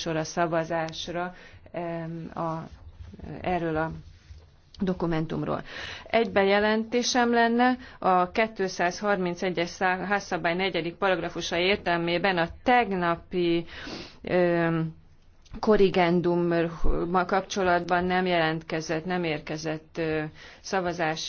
sor a szavazásra a, erről a dokumentumról. Egy bejelentésem lenne, a 231-es házszabály 4. paragrafusa értelmében a tegnapi ö, korrigendummal kapcsolatban nem jelentkezett, nem érkezett ö, szavazás